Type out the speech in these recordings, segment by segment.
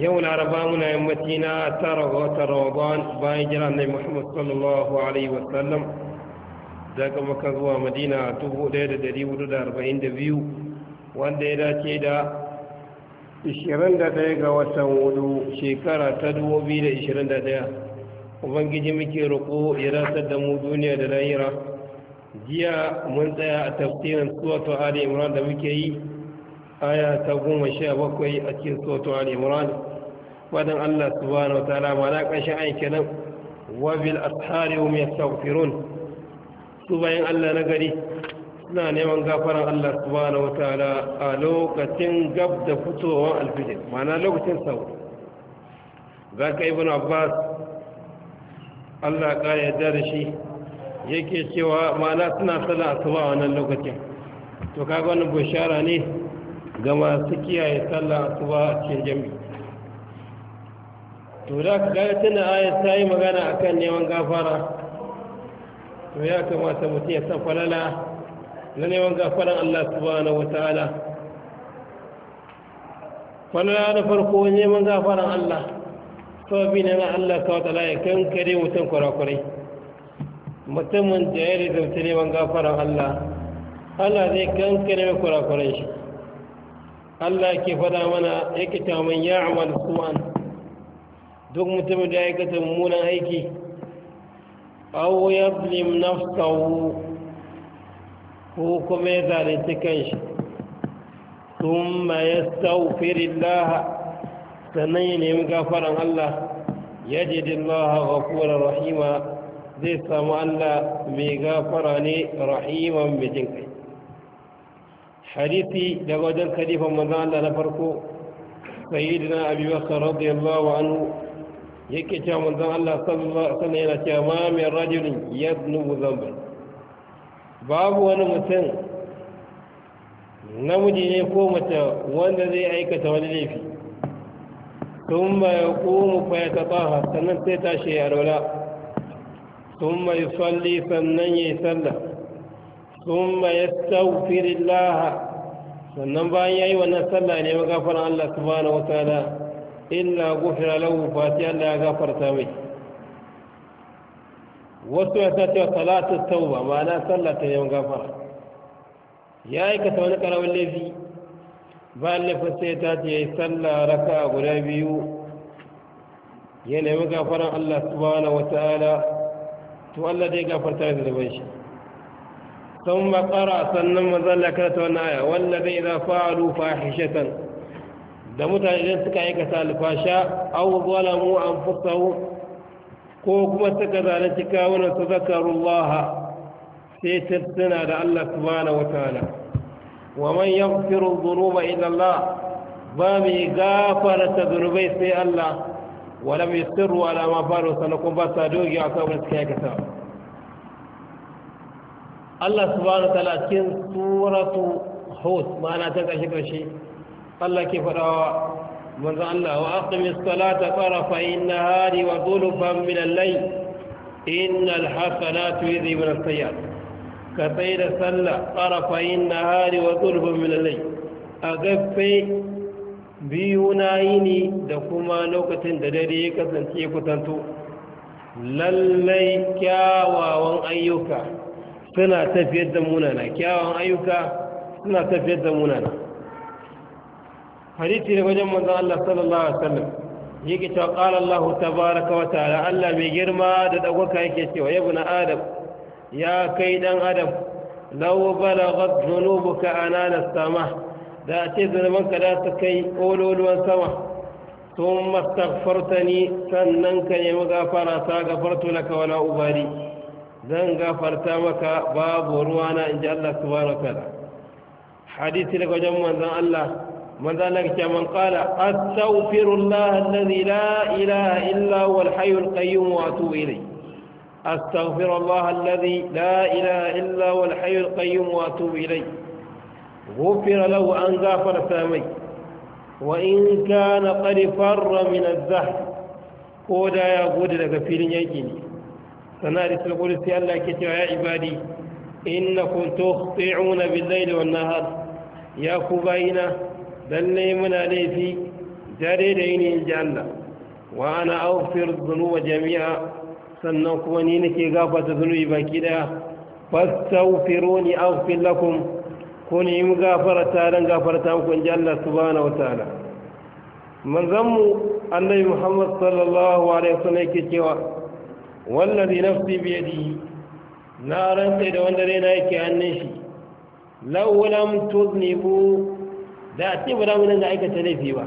yau laraba muna yammaci na tara wata ramadan bayan jira na muhammad sallallahu alaihi wasallam daga maka zuwa madina 1442 wanda ya dace da 21 ga watan hudu shekara ta 2021 ubangiji muke roƙo ya rasar da mu duniya da lahira jiya mun tsaya a tafsirin suwatu ali imran da muke yi aya ta goma sha bakwai a cikin suwatu ali imran fadin Allah subhanahu wa ta'ala ma na ƙarshen ayin kenan wa ashari hum yastaghfirun su bayan Allah na gari suna neman gafaran Allah subhanahu wa ta'ala a lokacin gab da fitowar alfijir ma'ana lokacin sau za ka ibn abbas Allah ƙara yadda da shi yake cewa ma'ana suna sallah asuba wannan lokacin to kaga wannan bushara ne ga masu kiyaye sallah asuba a cikin jami'i to da ka gaya tana ayat ta yi magana a kan neman gafara to ya kamata mutum ya san falala na neman gafaran Allah subhanahu wa ta'ala falala na farko neman gafaran Allah sababi ne na Allah subhanahu wa ta'ala ya kankare mutum kurakurai mutumin da ya ta neman gafaran Allah Allah zai kankare kurakurai shi Allah ke fada mana ya kita man ya amal su'an duk mutumin da aikata mummunan aiki ya yadlim nafsahu ko kuma ya zalunci kanshi thumma yastaghfirullah sannan ya nemi gafaran Allah yajidullaha ghafurar rahima zai samu Allah mai gafara ne rahiman mai kai hadisi daga wajen kalifan manzo Allah na farko sayyidina Abi Bakar radiyallahu anhu yake cewa manzon Allah sallallahu alaihi yana cewa ma min rajulin yadnubu dhanban babu wani mutum namiji ne ko mace wanda zai aikata wani laifi thumma yaqumu fa yatatahhar sannan sai ta shi ya rola thumma yusalli sannan yayi sallah thumma yastaghfirullah sannan bayan yayi wannan sallah ne magafaran Allah subhanahu ta'ala illa gufira lahu fati Allah ya gafarta mai wasu ya sa cewa salatu tauba ma'ana sallah ta yau gafara ya aikata wani karamin laifi bayan laifin sai ta ce ya yi sallah raka guda biyu ya nemi gafaran Allah subhanahu wa ta'ala to Allah zai gafarta da zuban shi sun ƙara sannan mazalla karta wani aya wallazi idza fa'alu fahishatan da mutane idan suka aikata alfasha aw zalamu anfusahum ko kuma suka zalunci kawuna su zakarullaha sai tattuna da Allah subhanahu wataala wa man yaghfiru dhunuba illa Allah ba mai gafarta zunubai sai Allah wala mai sirru ala ma faru sanakun ba sa dogi a kan wani suka aikata Allah subhanahu wa ta'ala cikin suratu Hud ma'ana ta ƙarshe ƙarshe Allah ke faɗawa manzo Allah wa aqimi salata tarafa innahari wa dhulfan min al-layl innal hasanatu yudhibun as-sayyi'at ka tsayda sallah tarafa innahari wa dhulfan min al-layl agaffe biyu na yini da kuma lokacin da dare ya kasance kusanto lallai kyawawan ayyuka suna tafiyar da munana kyawawan ayyuka suna tafiyar da munana hadisi da wajen manzon Allah sallallahu alaihi wasallam yake cewa qala Allah tabaaraka wa ta'ala Allah mai girma da dagwaka yake cewa ya ibn adam ya kai ɗan adam law balaghat dhunubuka anana sama da ce zunubanka da ta kai ololuwan sama thumma ni sannan ka nemi gafara ta gafartu ka wala ubari zan gafarta maka babu ruwana ji Allah subhanahu wa ta'ala hadisi daga wajen manzon Allah وذلك ذلك من قال أستغفر الله الذي لا إله إلا هو الحي القيوم وأتوب إليه أستغفر الله الذي لا إله إلا هو الحي القيوم وأتوب إليه غفر له أن غافر سامي وإن كان قد فر من الزهر كودا يا غود لك في يجيني سنار تقول سي الله كتير يا عبادي إنكم تخطئون بالليل والنهار يا كوباينا lalle muna laifi dare da yin in ji Allah wa ana aghfir wa jami'a sannan kuma ni nake gafarta zunubi baki daya fastaghfiruni aghfir lakum ko ne mu gafarta dan gafarta muku in ji Allah subhanahu wataala manzon mu annabi Muhammad sallallahu alaihi wasallam yake cewa wallazi nafsi bi yadihi na ran sai da wanda raina yake hannun shi law lam tuznibu da a ce ba mu dinga aikata laifi ba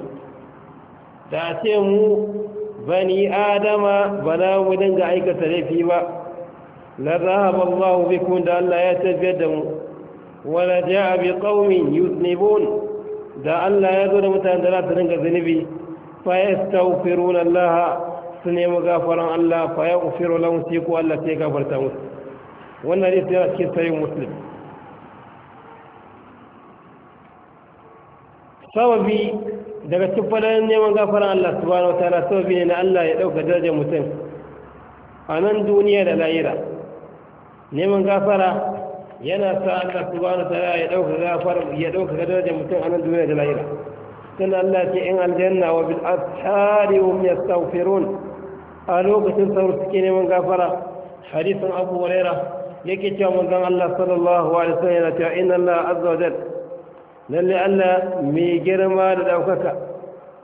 da a ce mu bani adama ba za mu dinga aikata laifi ba la zahaba Allah bikum da Allah ya da mu wala ja'a bi qaumin da Allah ya zo da mutanen da su dinga zunubi fa yastaghfiruna Allah su Allah fa lahum sai Allah sai gafarta musu wannan muslim sababi daga tuffalan neman gafaran Allah subhanahu wa ta'ala sababi ne na Allah ya dauka darajar mutum a nan duniya da lahira neman gafara yana sa Allah subhanahu wa ta'ala ya dauka gafara ya dauka darajar mutum a nan duniya da lahira sannan Allah ya ce in aljanna wa bil athari hum yastaghfirun a lokacin sauri suke neman gafara hadisin Abu Hurairah yake cewa manzon Allah sallallahu alaihi wasallam yana cewa inna Allah azza wa jalla lalle Allah mai girma da ɗaukaka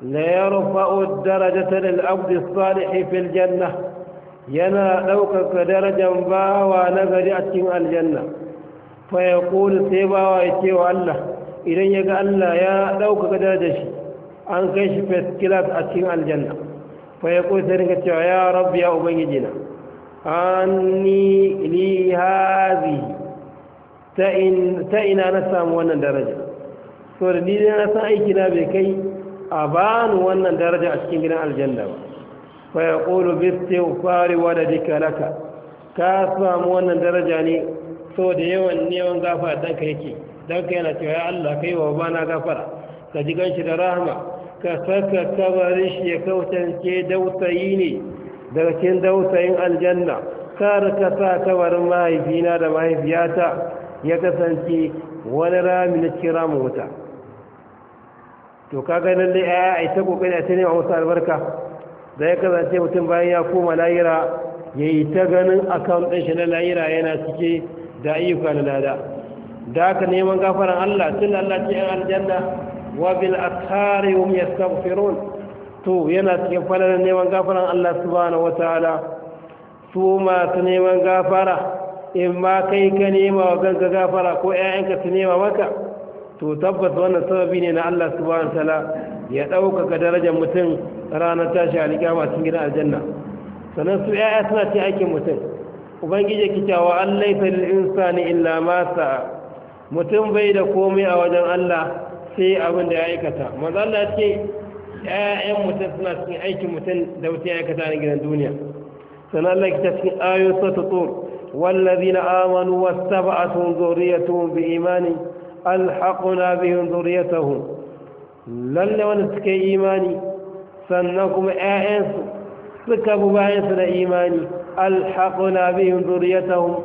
la yarfa'u darajata lil abdi salih fil janna yana ɗaukaka darajar bawa na gari a cikin aljanna fa yaqulu sai bawa ya ce wa Allah idan ya ga Allah ya ɗaukaka darajar shi an kai shi first a cikin aljanna fa yaqulu sai rinka cewa ya rabbi ya ubangijina anni li hadhihi ta ina na samu wannan daraja so da ni na san aiki na bai kai a bani wannan daraja a cikin gidan aljanna ba fa yaqulu bi fari wa ladika laka ka samu wannan daraja ne so da yawan neman gafara dan ka yake dan ka yana cewa ya Allah kai wa bana gafara ka ji ganshi da Rahma, ka saka kabarin shi ya kautance dautayi ne daga cikin dautayin aljanna kar ka sa kabarin mahaifina da mahaifiyata ya kasance wani rami na cikin ramin wuta to kaga nan dai aya ai ta kokari a tare wa albarka da ya kazance mutum bayan ya koma layira yi ta ganin account ɗin shi na layira yana cike da ayyuka na lada da haka neman gafaran Allah tun Allah ce an aljanna wa bil athari hum yastaghfirun to yana cikin falalar neman gafaran Allah subhanahu ala su masu neman gafara in ma kai ka nema wa kanka gafara ko 'ya'yanka su nema maka to tabbas wannan sababi ne na Allah subhanahu wataala ya ɗaukaka darajar mutum ranar tashi alƙiyama cikin gidan aljanna sannan su yaya suna ce aikin mutum ubangiji ki cewa an laifa lil insani illa ma sa'a mutum bai da komai a wajen Allah sai abin da ya aikata manzo Allah ce 'ya'yan mutum suna cikin aikin mutum da mutum ya aikata a gidan duniya sannan Allah ki ta cikin ayoyin sura tur والذين آمنوا واتبعتهم ذريتهم بإيمان alhaquna bihim zuriyatahum lalle wani suka yi imani sannan kuma ƴaƴansu suka bi bayansu da imani alhaquna bihim zuriyatahum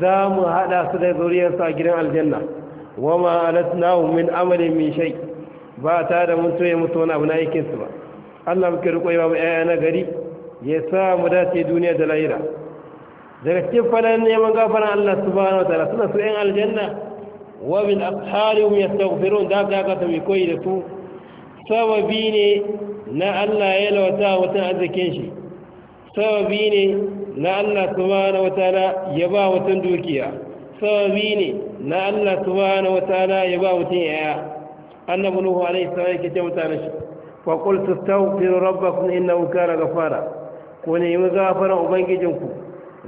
za mu haɗa su da zuriyarsu a gidan aljanna wa ma alatnahu min amalin min shai? ba ta da mun toye musu wani abu na aikinsu ba Allah muke riko ya ba ƴaƴa na gari ya sa mu dace duniya da lahira daga cikin fadan neman gafaran Allah su ba subhanahu wataala suna su ƴan aljanna wa min ya yastaghfirun da ka ka mi koyi da ku sababi ne na Allah ya lawata wata arzikin shi sababi ne na Allah subhanahu ta'ala ya ba wata dukiya sababi ne na Allah subhanahu ta'ala ya ba wata yaya annabi nuhu alaihi salam yake ce mutane shi fa qultu tastaghfiru rabbakum innahu kana ghafara ko ne mu gafara ubangijinku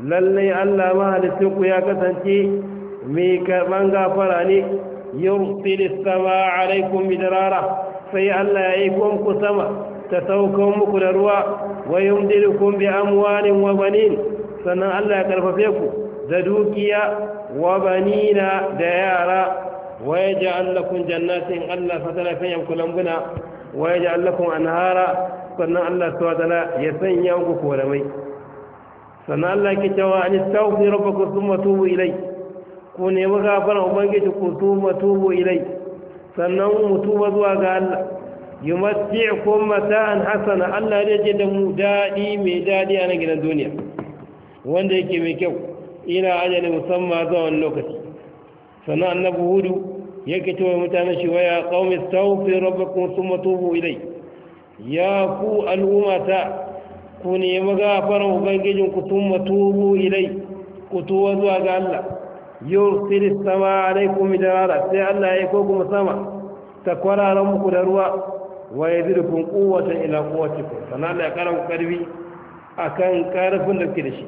lallai Allah ma ku ya kasance mai karɓan gafara ne yursil sama alaikum midarara. sai Allah ya yi ku sama ta saukan muku da ruwa wa yumdilukum bi amwalin wa banin sannan Allah ya karfafe ku da dukiya wa banina da yara wa yaj'al lakum jannatin Allah fatala kan yanku lambuna wa yaj'al lakum anhara sannan Allah subhanahu ya sanya muku koramai sannan Allah ya ke cewa an istaghfiru rabbakum thumma tubu ilayhi ku nemi gafaran ubangiji ku tuba tubu ilai sannan mu tuba zuwa ga Allah yumatti'kum mata'an hasana Allah zai ji da mu dadi mai dadi a nan gidan duniya wanda yake mai kyau ina ajali musamman zuwa wani lokaci sannan annabi hudu yake cewa mutanen shi waya qaumi tawfi rabbakum thumma tubu ilai ya ku al'ummata ku nemi ubangijin ku thumma tubu ilai ku tuba zuwa ga Allah yursil sama alaikum midrara sai Allah ya ko kuma sama ta kwararan muku da ruwa wa yadirkum quwwatan ila quwwatikum sanan ya ku akan karfin da kike da shi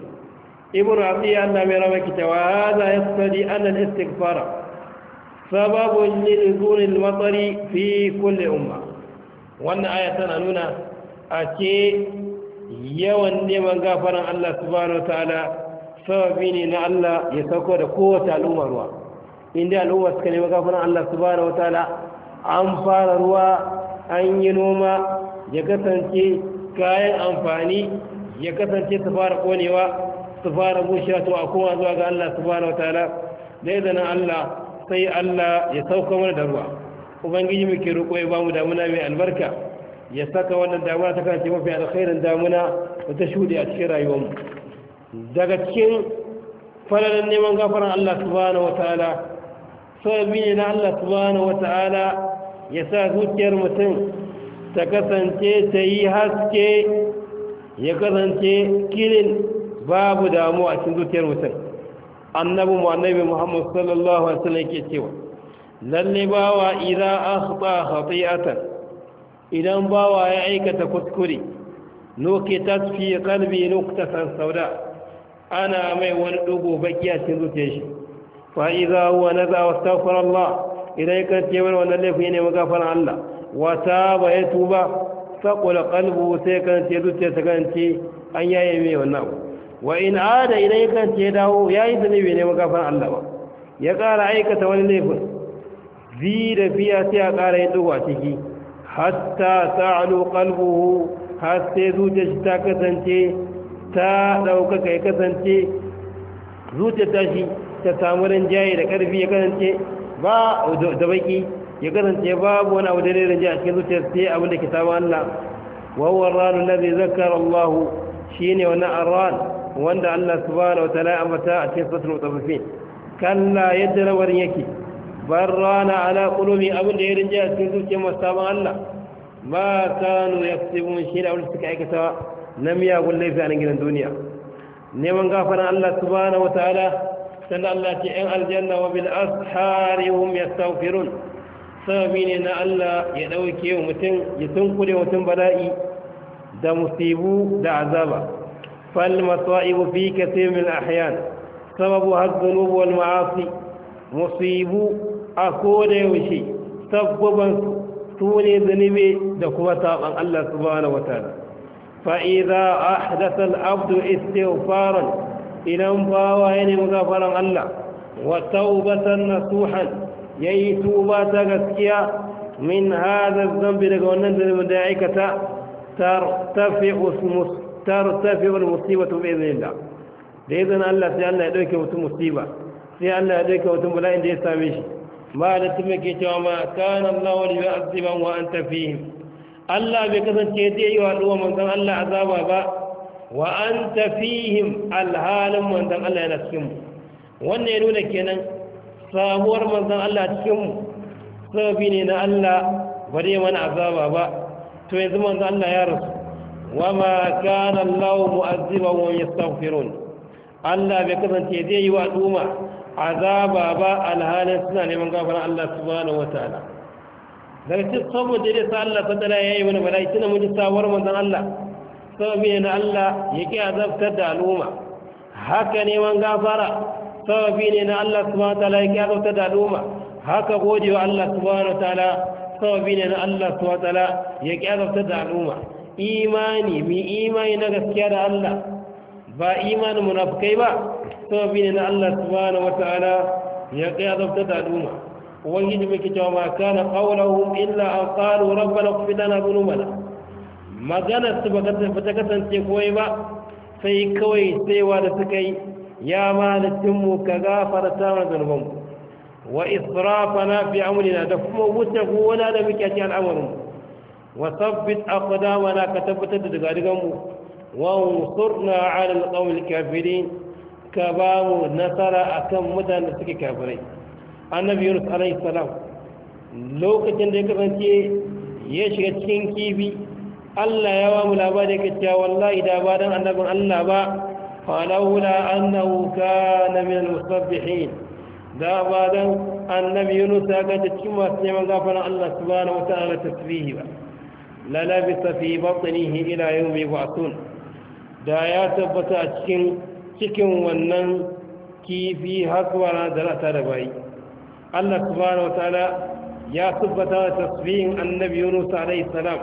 ibnu abi Allah mai rawa kitawa hada yastadi an al-istighfar sababu lil-nuzul al-matari fi kulli umma wannan aya tana nuna a ce yawan neman gafaran Allah subhanahu wa ta'ala sababi ne na Allah ya sauko da kowace al'umma ruwa inda al'umma suka nemi gafaran Allah subhanahu wataala an fara ruwa an yi noma ya kasance kayan amfani ya kasance su fara konewa su fara bushewa to a kowa zuwa ga Allah subhanahu wataala da izinin Allah sai Allah ya sauka mana da ruwa ubangiji muke roƙo ya bamu damuna mai albarka ya saka wannan damuna ta kasance mafi alkhairin damuna da ta shuɗe a cikin rayuwarmu daga cikin falalan neman gafaran Allah subhanahu wata'ala sababi ne na Allah subhanahu wata'ala ya sa zuciyar mutum ta kasance ta yi haske ya kasance kilin babu damuwa cikin zuciyar mutum annabi mu annabi Muhammad sallallahu alaihi wasallam ke cewa lalle bawa a akhta khati'atan idan bawa ya aikata kuskure nuke tasfi qalbi nuqtatan sauda ana mai wani dubu baki a cikin zuciyar shi fa idza huwa naza wastaghfir Allah idan ka ce wani wannan laifi ne fara Allah wa taba ya tuba qul qalbu sai kan ce zuciyar ta kan ce an yaye mai wannan wa in ada idan ka kan ce dawo yayi zunubi ne fara Allah ba ya ƙara aikata wani laifin zi da fiya sai a ƙara yin dubu a ciki hatta ta'lu qalbuhu har sai zuciyar ta kasance ta ɗaukaka ya kasance zuciyar tashi ta samu rinjaye da ƙarfi ya kasance ba da baki ya kasance babu wani abu da ne rinjaye a cikin zuciyar sai abin da ke samu Allah wawan ranar lazi zakar Allah shi ne wani arran wanda Allah su subhanahu wa ta'ala ambata a cikin sattun mutafafi kalla yadda rawar yake ban rana ala kulumi abin da ya rinjaye a cikin zuciyar masu samun Allah ma kanu ya fi shi da abin da suka aikata na miyagun laifi a nan gidan duniya neman gafaran Allah subhanahu wataala sanda Allah ce yan aljanna wa bil ashari hum yastaghfirun sababi ne na Allah ya dauke wa mutum ya tunkure mutum bala'i da musibu da azaba fal masaibu fi kathir min ahyan sababu hadhunub wal ma'asi musibu a koda yaushe sabbaban su ne zanibe da kuma saban Allah subhanahu wataala fa'iza a hadasar abdu istighfaran idan bawa ya nemi gafaran Allah wa taubatan nasuhan ya yi tuba ta gaskiya min hada zambi daga wannan zalibin da ya aikata tartafi'ul musibatu bi iznillah da izinin Allah sai Allah ya dauke mutum musiba sai Allah ya dauke mutum bala'in da ya same shi ba da tume ke cewa ma kana Allah wa yu'azziban wa anta fihim Allah bai kasance zai yi wa ɗuwa manzan Allah azaba ba wa an tafihim alhalin manzan Allah yana cikinmu wannan ya nuna kenan samuwar manzan Allah cikinmu sababi ne na Allah ba dai mana azaba ba to yanzu manzan Allah ya rasu wa ma kana Allah mu'azziba wa yastaghfirun Allah bai kasance zai yi wa ɗuma azaba ba alhalin suna neman gafaran Allah subhanahu wataala daga cikin saboda da sa Allah ta ya yi wani bala'i tuna mun ji sabuwar manzon Allah sababi ne na Allah ya ki azabtar da al'umma haka neman gafara sababi ne na Allah subhanahu wataala ya ki azabtar da al'umma haka godewa Allah subhanahu wataala sababi ne na Allah subhanahu wataala ya ki azabtar da al'umma imani mi imani na gaskiya da Allah ba imanin munafikai ba sababi ne na Allah subhanahu wataala ya ki azabtar da al'umma ubangiji mai kitawa ma kana qawluhum illa an qalu rabbana ighfir lana dhunubana magana su ba ta kasance koyi ba sai kawai saiwa da suka yi ya malicin mu ka gafarta mana zunuban wa israfana fi amrina da kuma wuce gona da muke ci al'amarin wa sabbit aqdamana ka tabbatar da digadigan mu wa ansurna ala alqawmi kafirin ka ba mu nasara akan mutanen da suke kafirai annabi yunus alaihi salam lokacin da ya kasance ya shiga cikin kifi Allah ya ba mu labari ka cewa wallahi da ba dan annabin Allah ba fa annahu kana min musabbihin da ba dan annabi yunus ya ga cikin masu neman gafaran Allah subhanahu wa ta'ala tasbihi ba la labisa fi batnihi ila yawmi ba'thun da ya tabbata a cikin cikin wannan kifi har da ta da bayi Allah subhanahu wa ta'ala ya tabbata tasbihin annabi Yunus alayhi salam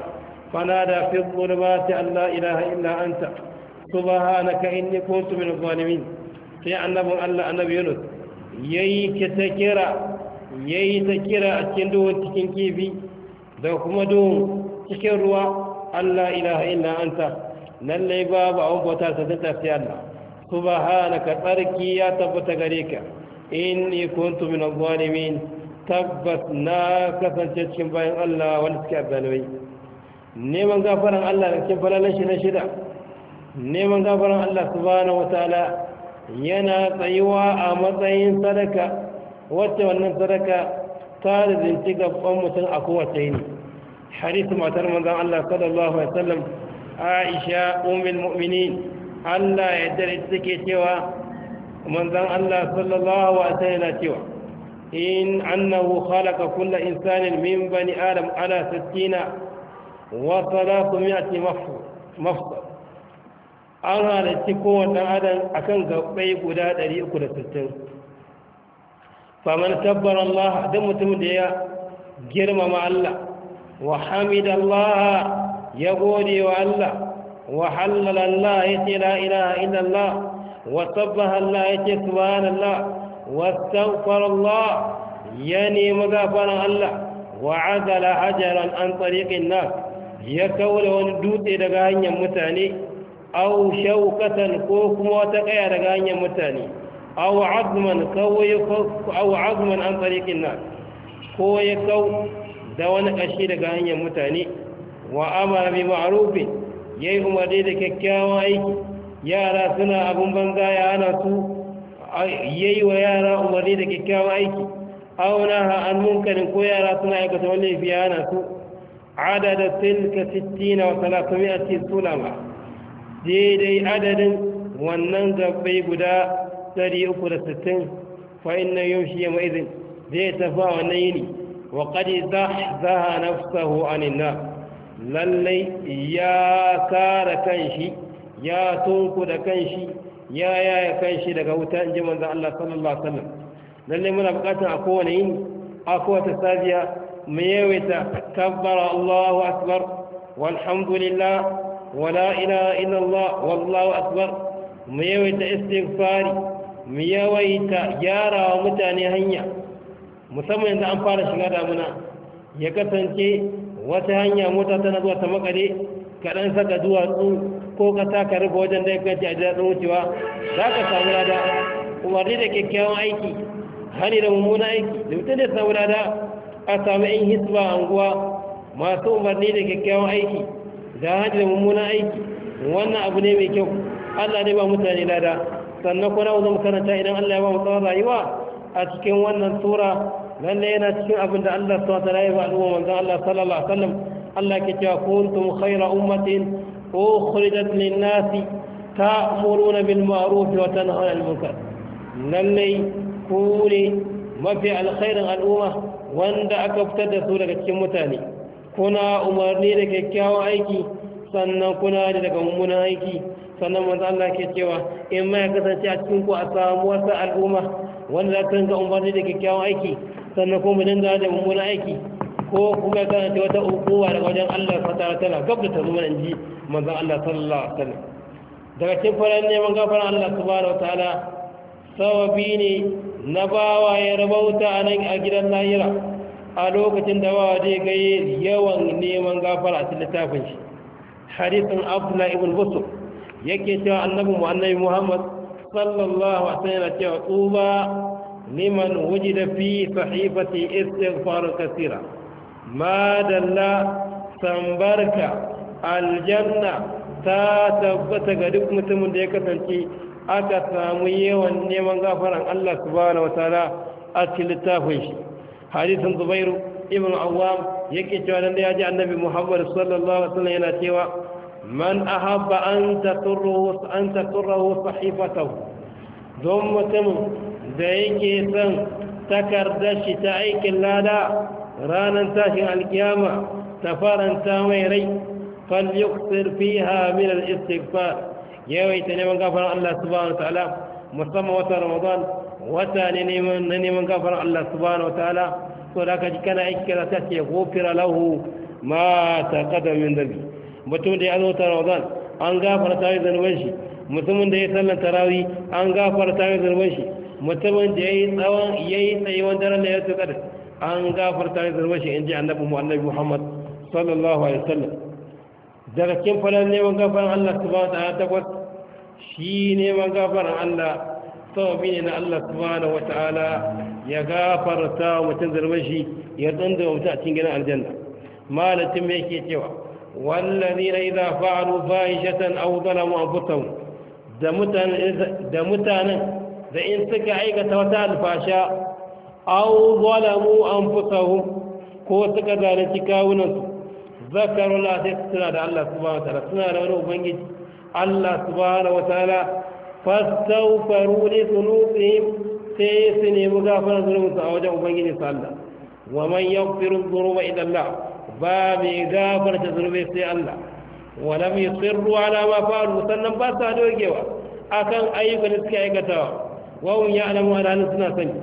fanada fi dhulumati an la ilaha illa anta subhanaka inni kuntu min adh-dhalimin sai annabi Allah annabi Yunus yayi ta kira yayi ta kira a cikin duhun cikin kifi da kuma duhun cikin ruwa Allah ilaha illa anta lallai babu abun bauta ta tafi Allah subhanaka tsarki ya tabbata gare ka inni kuntu min adh-dhalimin tabbas na kasance cikin bayan Allah wanda suke azzalimai neman gafaran Allah da cikin falalan shi na shida neman gafaran Allah subhanahu wataala yana tsayuwa a matsayin sadaka wacce wannan sadaka ta rizinci gaban mutum a kowace ne harisu matar manzan Allah sallallahu alaihi wasallam Aisha ummul mu'minin Allah ya dare take cewa manzon Allah sallallahu alaihi wasallam yana cewa in annahu khalaqa kulla insanin min bani adam ala 60 wa 300 mafsal an halarci kowane adam a kan gaɓai guda 360 faman tabbar Allah don mutum da ya girmama Allah wa hamid Allah ya gode wa Allah wa hallala Allah ya ce la ilaha illallah وسبح الله يتي سبحان الله واستغفر الله يعني مغفر الله وعدل حجرا عن طريق الناس يكول وندوت دغا هنيا متاني أو شوكة كوكم وتقيا دغا هنيا متاني أو عظما كوي أو عظما عن طريق الناس كوي كو دون أشي دغا هنيا متاني وأمر بمعروف يهما دي دكاكاوا أيكي yara suna abin banza ya hana su yayi wa yara umarni da kyakkyawan aiki auna ha an munkarin ko yara suna aikata wani laifi ya su adada tilka 60 wa 300 sulama daidai adadin wannan gabbai guda 360 fa inna yamshi yawma idhin zai tafi a wannan yini wa qad zahzaha nafsahu anin nar lallai ya kare shi. ya tunku da kanshi ya yaya kanshi daga wuta in ji manzan Allah sallallahu alaihi wasallam lalle muna bukatar a kowane yini a kowace safiya mu yawaita tabbara Allahu akbar walhamdulillah wala ilaha illallah wallahu akbar mu yawaita istighfari mu yawaita gyara wa mutane hanya musamman yanzu an fara shiga damuna ya kasance wata hanya mota tana zuwa ta makare kaɗan saka duwatsu ko ka sa ka rufe wajen da ya ji a wucewa za ka samu lada umarni da kyakkyawan aiki hari da mummunan aiki da mutum da samu lada a samu in hisba a anguwa masu umarni da kyakkyawan aiki da hari da mummunan aiki wannan abu ne mai kyau allah ne ba mutane lada sannan kuna wajen makaranta idan allah ya ba mu tsawon rayuwa a cikin wannan tura lallai yana cikin abin da allah suwa ta yi ba al'umma manzan allah sallallahu alaihi wasallam allah ke cewa kuntum khaira ummatin أخرجت للناس تأمرون بالمعروف وتنهون عن المنكر للي كولي mafi alkhairin al'umma wanda aka fitar da su daga cikin mutane kuna umarni da kyakkyawan aiki sannan kuna da daga aiki sannan manzo Allah ke cewa in ma ya kasance a cikin ku a samu wata al'umma wanda za ta umarni da kyakkyawan aiki sannan da mummunan aiki ko kuma ya karanta wata ukuwa da wajen Allah fata tana gab da ta zo mana ji manzon Allah sallallahu alaihi wasallam daga cikin faran neman gafara Allah subhanahu wataala sawabi ne na bawa ya rabauta a nan a gidan lahira a lokacin da bawa zai ga yawan neman gafara a cikin littafin shi hadithun Abdullah ibn Busur yake cewa annabi mu annabi Muhammad sallallahu alaihi wasallam yana cewa tuba liman wujida fi sahifati istighfar kaseera madalla sambarka aljanna ta tabbata ga duk mutumin da ya kasance aka samu yawan neman gafaran Allah subhanahu ta'ala a cikin littafin shi hadisin zubairu ibn awwam yake cewa dan ya ji annabi muhammad sallallahu alaihi wasallam yana cewa man ahabba an taturu an taturu sahifatahu don mutum da yake son takardar shi ta aikin lada ranar tashin alkiyama ta faranta mai rai falyuksir fiha min al-istighfar ta neman gafaran Allah subhanahu ta'ala musamman wata Ramadan wata ne neman neman gafaran Allah subhanahu ta'ala to da ka ji kana aiki kana ta ce gofira lahu ma ta kada min dabi mutum da ya zo ta Ramadan an ta yi zanuban shi mutumin da ya sallan tarawi an ta yi zanuban shi mutumin da ya yi tsawon ya yi tsayuwan daren da ya tuka da an gafarta ya zarwa in ji annabi mu annabi muhammad sallallahu alaihi wasallam daga cikin falon neman gafaran allah subhanahu ta'ala takwas shi neman gafaran allah sababi ne na allah subhanahu wa ta'ala ya gafarta mutum zarwa ya tsanda wa mutum a cikin gidan aljanna malatin me ke cewa wallazina idza fa'alu fahishatan aw zalamu anfusahum da mutanen da mutanen da in suka aikata wata alfasha aw zalamu anfusahum ko suka zalunci kawunansu zakarul sai suna da Allah subhanahu wataala suna da wani ubangiji Allah subhanahu wataala fastaghfiru li dhunubihim sai su nemi gafarar zunubinsu a wajen ubangiji Allah. wa man yaghfiru dhunuba illa Allah ba mai gafarta zunubai sai Allah wala mai tsirru ala ma faru sannan ba sa dogewa akan ayyukan da suke aikatawa wawun ya alamu alhalin suna sani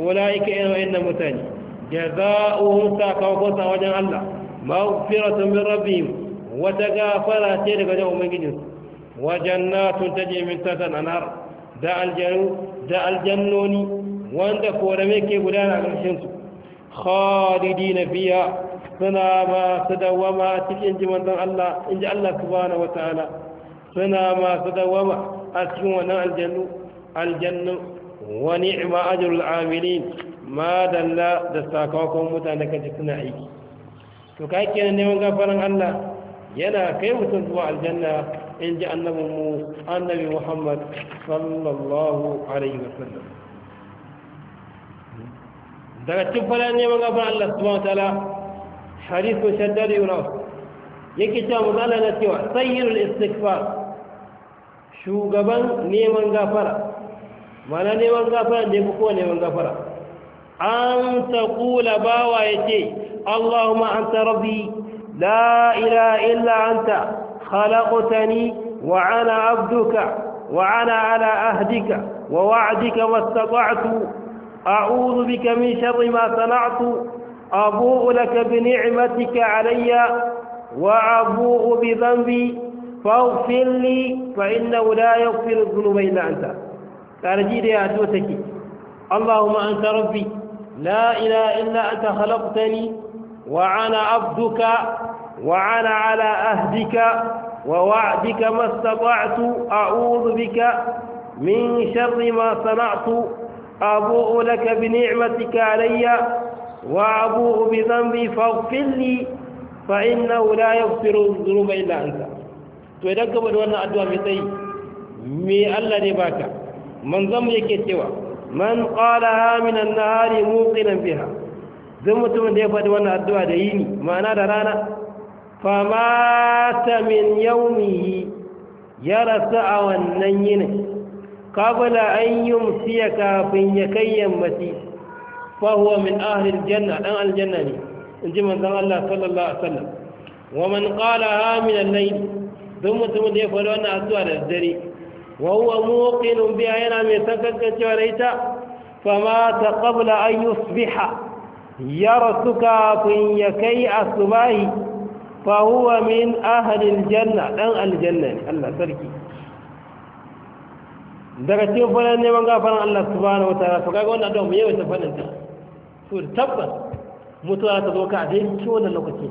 ulaika irin wayannan mutane jazaohum sakamakon sa wajen Allah maghfiratun min rabbihim wata gafara ce daga wajen ubangijin wa jannatun tajri min tahtiha al-anhar da aljanu da aljannoni wanda korame ke gudana a ƙarshen su khalidina fiha suna masu dawama cikin jiman don Allah in ji Allah subhanahu wata'ala suna masu dawama a cikin wannan aljannu aljannu Wani ni'ma ajrul ma dalla da sakamakon mutane ci suna aiki to ka ne neman gafaran Allah yana kai mutum zuwa aljanna in ji annabin mu annabi Muhammad sallallahu alaihi wasallam daga cikin fara neman gafaran Allah subhanahu wa ta'ala hadithu shaddad ibn yake cewa mazala na cewa sayyidul istighfar shugaban neman gafara mana ne wan gafara ne ya fi wan gafara an ta kula bawa ya ce allahumma an ta rabbi la ila illa anta khalaqtani wa ana abduka wa ana ala ahdika wa wa'dika mastata'tu a'udhu bika min sharri ma sana'tu abu'u laka bi ni'matika 'alayya wa abu'u bi dhanbi بذنبي li fa innahu la yaghfiru dhunuba illa anta ƙarji da ya to take Allahumma anta rabbi la ila illa anta khalaqtani wa ana abduka wa ana ala ahdika wa wa'dika mastata'tu a'udhu bika min sharri ma sana'tu abu'u laka bi ni'matika alayya wa abu'u bi dhanbi faghfir li fa innahu la yaghfiru dhunuba illa anta to idan ka bada wannan addu'a mai tsayi me Allah ne baka manzon mu yake cewa man qalaha min an-nahari muqinan biha Zan mutum da ya faɗi wannan addu'a da yini ma'ana da rana fa mata min yawmihi ya rasa a wannan yinin kabula an yumsiya kafin ya kai yammaci fa huwa min ahli Janna dan aljanna ne in ji manzon Allah sallallahu alaihi wasallam wa man qalaha min al-layl Zan mutum da ya faɗi wannan addu'a da dare wahuwa muwakilin biya yana mai sakakacewa da ita fama ta ƙabla an yi fiha yara suka kun ya kai a su bayi fahuwa min ahalin janna ɗan aljanna ne allah sarki daga cikin fadar neman gafarar allah su ba na wata ya fi wanda don mu yawai ta fadar ta su da tabbas mutuwa ta zo ka a zai ciwo da lokaci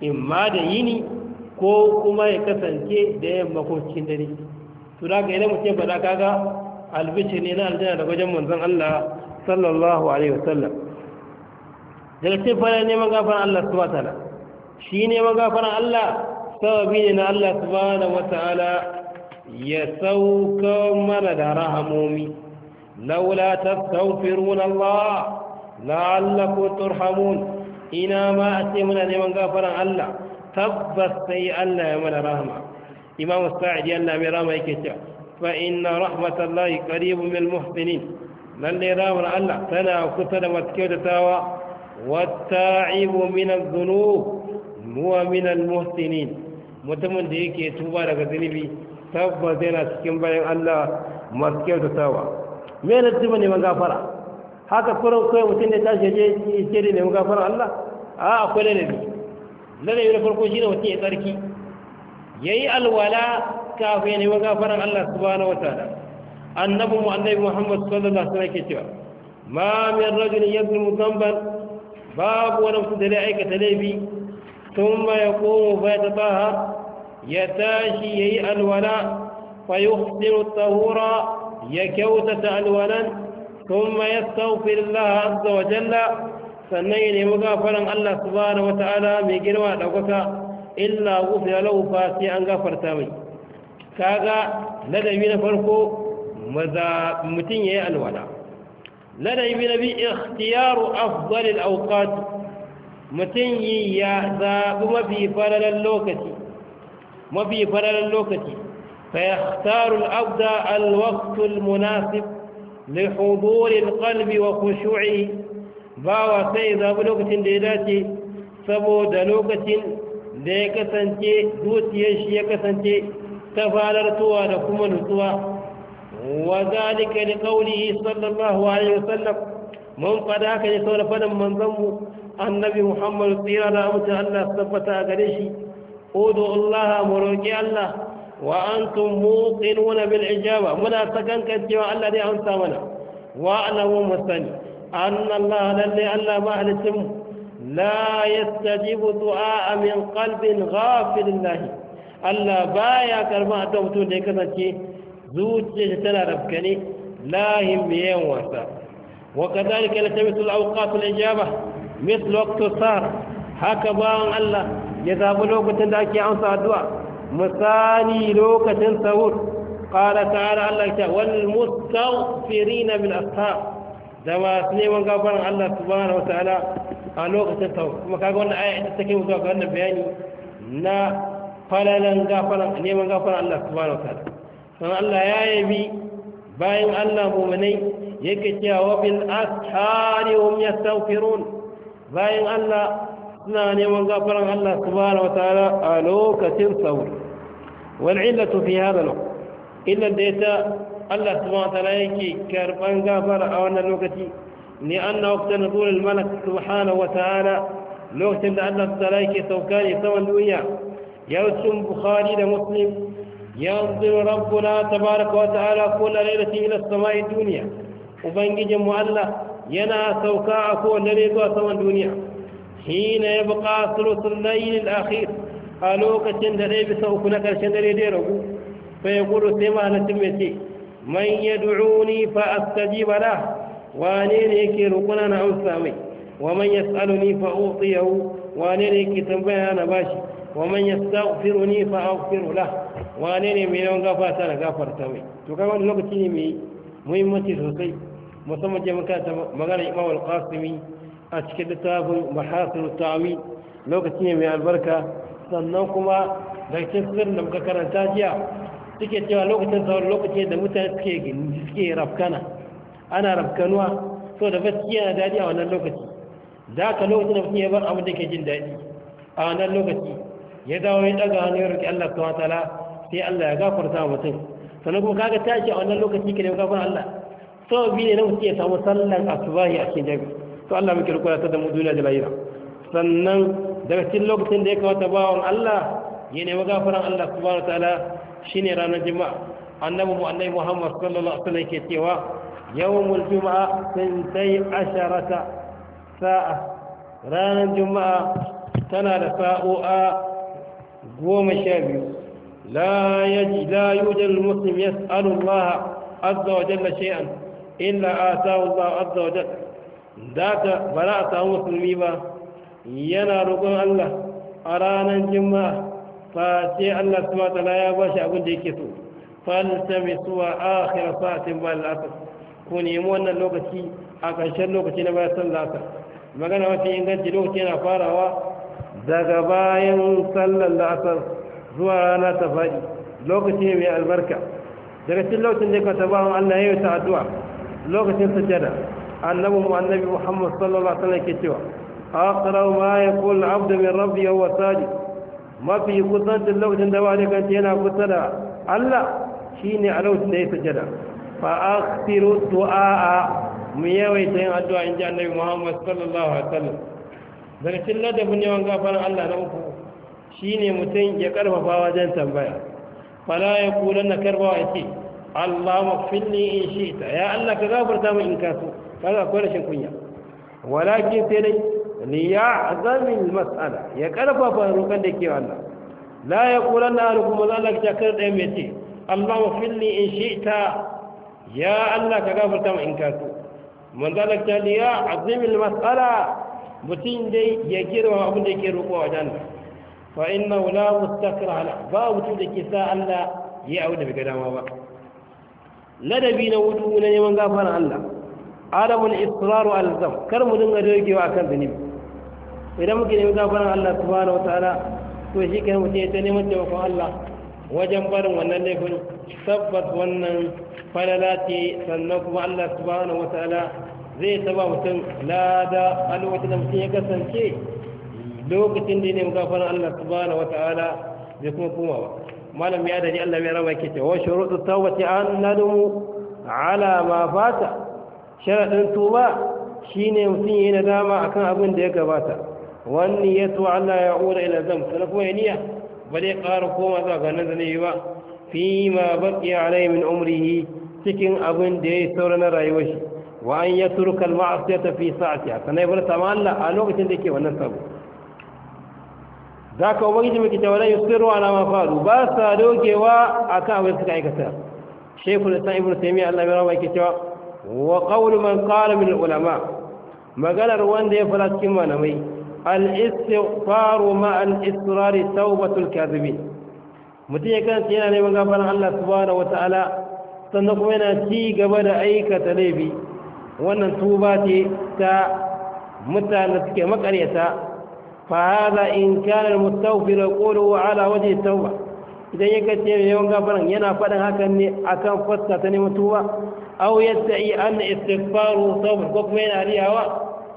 in ma da yini ko kuma ya kasance da yamma ko cikin dare to da ga idan mutum faɗa kaga albishi ne na aljanna da wajen manzon Allah sallallahu alaihi wasallam daga cikin fara neman gafaran Allah subhanahu wataala shi neman gafaran Allah sababi ne na Allah subhanahu wataala ya sauka mana da rahamomi laula tastaghfirun Allah la'allakum turhamun ina ma a ce muna neman gafaran Allah tabbas sai Allah ya mana rahama imamu sa'adi Allah mai rama yake cewa fa inna rahmatallahi qaribun min muhsinin lalle ramar Allah tana kusa da masu kyautatawa min adh-dhunub huwa min mutumin da yake tuba daga zunubi tabbas yana cikin bayan Allah masu kyautatawa me ne tuba ne magafara haka kuran kai mutum ne tashi je yake ne magafara Allah a akwai ladabi ladabi na farko shine mutum ya tsarki yayi alwala kafin ya ne gafaran Allah subhanahu wataala annabi mu annabi muhammadu sallallahu alaihi wasallam ke cewa ma min rajulin yadhlimu dhanban babu wani mutum da zai aikata laifi thumma yaqumu fa yatatahhar ya tashi ya yi alwala fa yuhsinu tahura ya kyautata alwalan tun thumma yastaghfir Allah azza wa jalla sannan ya nemi gafaran Allah na wata ala mai girma a ɗaukaka illa gufira ya fa sai an gafarta mai kaga ladabi na farko mutum ya yayi alwala ladabi na bi ikhtiyaru afdal al mutum yi ya zabi mafi faralan lokaci mafi faralan lokaci fa yakhtaru abda al munasib li hudur al wa bawa sai zabi lokacin da ya dace saboda lokacin da ya kasance zuciyar shi ya kasance ta falartuwa da kuma nutsuwa wa zalika da qawlihi sallallahu alaihi wasallam mun fada haka ne saboda fadin manzon mu annabi Muhammad tsira da mutum Allah tabbata gare shi udu Allah mu roki Allah wa antum muqinuna bil ijaba muna sakankan cewa Allah dai an sa mana wa alamu musani anna Allah lalle Allah ba halicin mu la yastajibu du'a min qalbin ghafilin lahi Allah baya karban addu'a mutum da ya kasance zuciya tana rafkane lahin mai yawan wasa wa kadhalika latamisul awqatul ijaba مثل وقت السهر haka ba Allah ya zafi lokacin da ake amsa addu'a misali lokacin sahur ƙara ta'ala Allah ta wal mustawfirina bil ashab da masu neman gafaran Allah subhanahu wa ta'ala a lokacin sau kuma kaga wannan aya ita take zuwa ga wannan bayani na falalan gafaran neman gafaran Allah subhanahu wataala sannan Allah ya yabi bayan Allah mu'minai yake cewa wa bil ashari hum yastaghfirun bayan Allah suna neman gafaran Allah subhanahu wataala a lokacin sau wal illatu fi hadha al illa da ita Allah subhanahu wataala yake karban gafara a wannan lokaci ni anna waqtan nuzul malak subhanahu wa ta'ala lawtan da Allah ta'ala yake a saman duniya ya sun bukhari da muslim yanzuru rabbuna tabaaraka wa ta'ala kullu laylatin ila as-samaa'i dunya ubangijin mu Allah yana sauka a kowane ne zuwa saman duniya hina ya buƙa sulutun layin al'akhir a lokacin da ɗaya bisa uku dare da ya ragu sai ya gudu sai mahalattun mai ce man ya du'uni fa astajiba lahu wane ne yake rukuna na ausa mai wa man yas'aluni fa utiyahu wane ne yake tambaya na bashi wa man yastaghfiruni fa aghfiru lah wane ne mai yawan ta na gafarta mai to kaga wannan lokaci ne mai muhimmanci sosai musamman je muka ta magana Imam al-Qasimi a cikin littafin Mahasil Ta'wi lokaci ne mai albarka sannan kuma da cikin da muka karanta jiya suke cewa lokacin sauran lokaci da mutane suke suke rafkana ana rafkanuwa so da bacci na daɗi a wannan lokaci za ka lokacin da mutum ya bar abin da ke jin daɗi a wannan lokaci ya dawo ya ɗaga wani ya roƙi Allah ta watala sai Allah ya gafarta wa mutum sannan kuma kaga tashi a wannan lokaci ka nemi gafara Allah sau biyu ne na mutum ya samu sallan asubahi a cikin jami'a to Allah muke rukuna ta da mu duniya da lahira sannan daga cikin lokacin da ya kamata bawan Allah ya nemi gafaran Allah subhanahu wataala shine ranar juma'a annabi mu annabi Muhammad sallallahu alaihi wasallam yake cewa يوم الجمعة ثنتي عشرة ساعة رانا الجمعة تنال ساعة قوم الشابي لا, يجي لا يوجد المسلم يسأل الله عز وجل شيئا إلا آتاه الله عز وجل ذات بلاء مسلمي با ينا رقم الله أرانا الجمعة فاتي الله سبحانه وتعالى يا باشا أقول ديكتو فالتمسوا آخر ساعة بعد العصر ko nemi wannan lokaci a ƙarshen lokaci na bayan sallah asar magana mafi inganci lokaci yana farawa daga bayan sallar la'asar zuwa rana ta faɗi lokaci ne mai albarka daga cikin lokacin da ka taba Allah ya yi ta addu'a lokacin sajada annabi mu annabi Muhammad sallallahu alaihi wasallam ke cewa aqra ma yaqul abdu min rabbi wa sajid mafi kusancin lokacin da wani kan yana kusa da Allah shine a lokacin da ya sajada fa'aksiru du'a mu yawaita yin addu'a in ji annabi Muhammad sallallahu alaihi wasallam zarcin ladabin yawan gafaran Allah na uku shine mutum ya karfafa wajen tambaya fala ya kula na karbawa ya ce Allah mafilli in shi ta ya Allah ka gafarta mu in kaso kaga akwai rashin kunya walakin sai dai Ni ya azamin mas'ala ya karfafa roƙon da ke Allah la ya kula na rukum Allah ka kar mai ce Allah mafilli in shi ta ya Allah ka gafarta mu in ka so manzalar ta liya azimin matsala mutum dai ya girma abin da yake roƙo a jan fa inna la mustakra ala ba mutum da ke sa Allah ya abu da bai dama ba ladabi na wudu na neman gafara Allah israr al zam kar mu dinga dogewa kan zunubi idan muke neman gafara Allah subhanahu ta'ala to shi kai mutum ya ta neman taimakon Allah wajen barin wannan laifin tabbas wannan falala ce sannan kuma Allah subhanahu wataala zai taba mutum lada a lokacin da mutum ya kasance lokacin da ne gafaran Allah subhanahu wataala zai kuma kuma ba malam ya daji Allah ya raba yake cewa shurutu tawbati an nadumu ala ma fata sharadin tuba shine mutum yayin nadama akan abin da ya gabata wani yatu Allah ya ura ila zam sannan kuma ya niyya ba zai ƙara koma zuwa ga nan zane ba fi ma baƙi alai min umrihi cikin abin da ya yi saura na rayuwar shi wa an ya turka ma'asiya ta fi sa'atiya sannan bar sama Allah a lokacin da ke wannan sabo za ka ubangiji mai kita wala yusiru ala ma faru ba sa dogewa akan abin suka aikata shekul islam ibnu taymiya Allah ya rahama yake cewa wa qawlu man min ulama maganar wanda ya fara cikin malamai al-istighfaru ma al-israri tawbatul kadhibin mutum ya kanta yana neman gafaran Allah subhanahu Ta'ala, sannan kuma yana ci gaba da aikata laifi wannan tuba ce ta mutane suke makaryata fa hada in kana al-mustawfir qulu ala wajhi tawba idan ya kace yawan gafaran yana fadin hakan ne akan fuska ta neman tuba aw yadda'i an istighfaru tawba ko kuma yana riyawa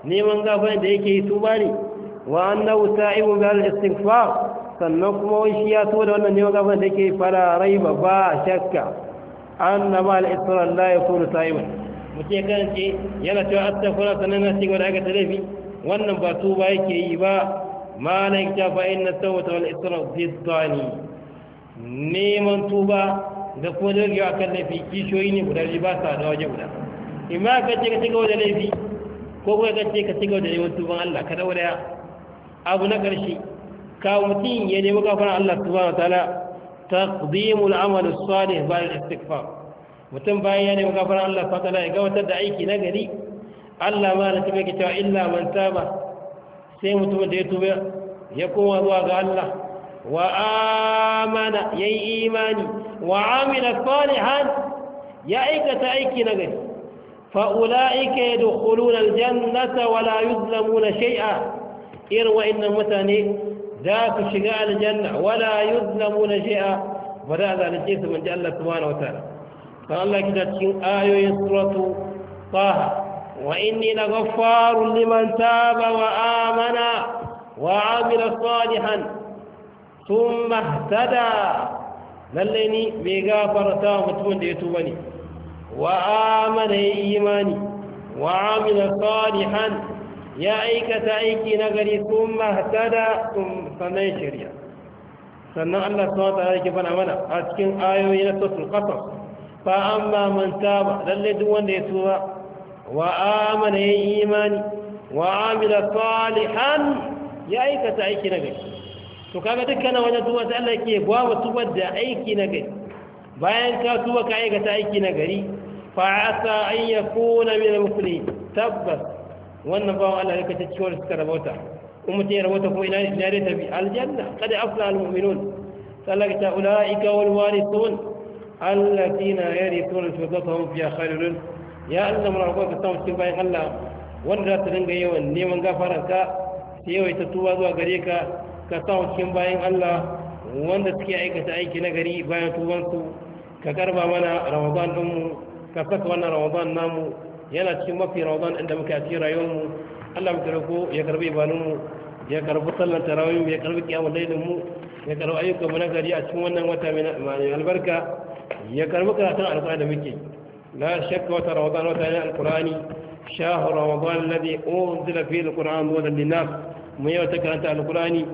neman gafaran da yake yi tuba ne wa annahu sa'ibu bil istighfar sannan kuma wai shi ya so da wannan neman gafarar da yake fara raiba ba shakka annama al-israr la yakunu sa'iban mutum kan ce yana cewa astaghfara sannan na cigaba da aikata laifi wannan ba su ba yake yi ba ma na yi ta fa'in na tawata wal israr zittani neman tuba da kuma jirgewa kan laifi kishiyoyi ne guda biyu ba sa da waje guda imma ka ce ka cigaba da laifi ko kuma ka ce ka cigaba da neman tuban allah ka daura abu na ƙarshe kawo mutum ya nemi gafara Allah subhanahu wa ta'ala taqdimul amal salih ba'da istighfar mutum bayan ya nemi gafara Allah subhanahu wa ya gabatar da aiki na gari Allah ma na tabbata cewa illa man taba sai mutum da ya tuba ya koma zuwa ga Allah wa amana yi imani wa amila salihan ya aikata aiki na gari fa ulaika yadkhuluna aljannata wa la na shai'a. irin wa'annan mutane za su shiga aljanna wala yuzlamuna shay'a ba za a zalunce su manji Allah subhanahu wataala kan Allah kita cikin ayoyin suratu taha wa inni laghaffarun liman taba wa amana wa amila salihan thumma ihtada lalle ni mai gafarta mutumin da ya tuba ne wa amana ya imani wa amila salihan ya aikata aiki na gari sun kuma sun sannan shari'a sannan Allah subhanahu wa ta'ala yake fara mana a cikin ayoyi na suratul qasas fa amma man taba lalle duk wanda ya tuba wa amana yi imani wa amila salihan ya aikata aiki na gari to kaga dukkan wajen tuba sai Allah yake gwawa tubar da aiki na gari bayan ka tuba ka aikata aiki na gari fa asa an yakuna min al tabbas wannan bawan Allah yake ta ciwon suka rabauta in mutum ya rabauta kuma ina ina dai tafi aljanna qad afla almu'minun sallaka ta ulaika wal warithun allatheena yarithuna shukatahum fi khalidun ya Allah mun rabu ka samu cikin bayan Allah wanda za ta dinga yawan neman gafaran ka ta yawaita tuwa zuwa gare ka ka samu cikin bayan Allah wanda suke aikata aiki na gari bayan tubansu ka karba mana ramadan ɗinmu ka saka wannan ramadan namu yana cikin mafi ramadan inda muka ci rayuwarmu Allah mu karbo ya karbi ibanunmu ya karbi sallar tarawih ya karbi kiyamul lailin ya karbi ayyukan mu na gari a cikin wannan wata mai albarka ya karbi karatun alqur'ani da muke la shakka wata ramadan wata ne alqur'ani Shahu ramadan ladi unzila fihi alqur'an hudan linnas mu yau ta karanta alqur'ani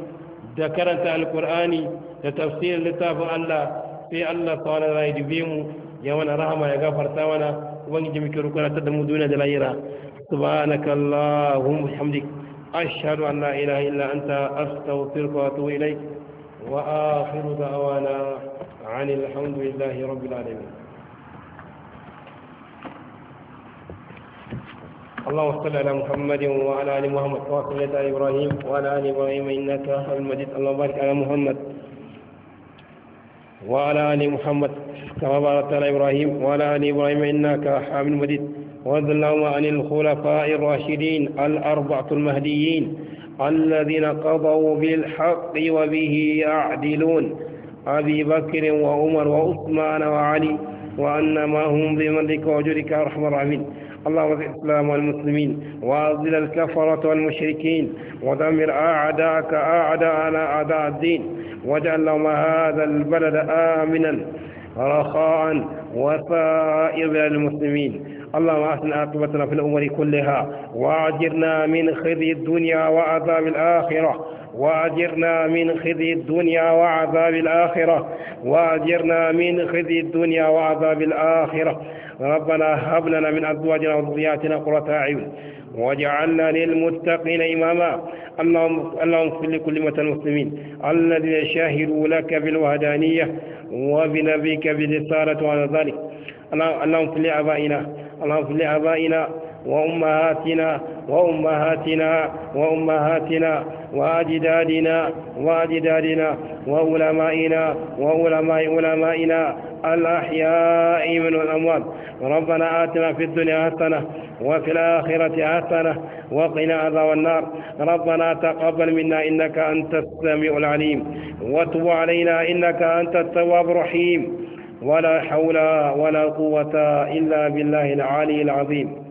da karanta alqur'ani da tafsirin littafin Allah sai Allah ta'ala ya dibe mu ya wani rahama ya gafarta mana وانجي جمي كرو كنا تدمو دون دلائرا سبحانك اللهم وبحمدك اشهد ان لا اله الا انت استغفرك واتوب اليك واخر دعوانا عن الحمد لله رب العالمين اللهم صل على محمد وعلى ال محمد وعلى ال ابراهيم وعلى ال ابراهيم انك حميد اللهم بارك على محمد وعلى آل محمد كما باركت على إبراهيم وعلى آل إبراهيم إنك حامد مجيد وارض اللهم عن الخلفاء الراشدين الأربعة المهديين الذين قضوا بالحق وبه يعدلون أبي بكر وعمر وعثمان وعلي وأنما هم بمنك وجودك أرحم الراحمين اللهم الإسلام والمسلمين وأذل الكفرة والمشركين ودمر أعداءك أعداء على أعداء الدين واجعل لهم هذا البلد آمنا رخاء وسائر المسلمين اللهم أحسن عاقبتنا في الأمور كلها وأجرنا من خزي الدنيا وعذاب الآخرة وأجرنا من خزي الدنيا وعذاب الآخرة وأجرنا من خزي الدنيا وعذاب الآخرة ربنا هب لنا من أزواجنا وذرياتنا قرة أعين واجعلنا للمتقين إماما اللهم اغفر لكل أمة المسلمين الذين شهدوا لك بالوهدانية وبنبيك بالرسالة وعلى ذلك اللهم اغفر لآبائنا اللهم اغفر لآبائنا وأمهاتنا وأمهاتنا وأمهاتنا وأجدادنا وأجدادنا وعلمائنا وعلماء علمائنا الأحياء من الأموات ربنا آتنا في الدنيا حسنة وفي الآخرة حسنة وقنا عذاب النار ربنا تقبل منا إنك أنت السميع العليم وتب علينا إنك أنت التواب الرحيم ولا حول ولا قوة إلا بالله العلي العظيم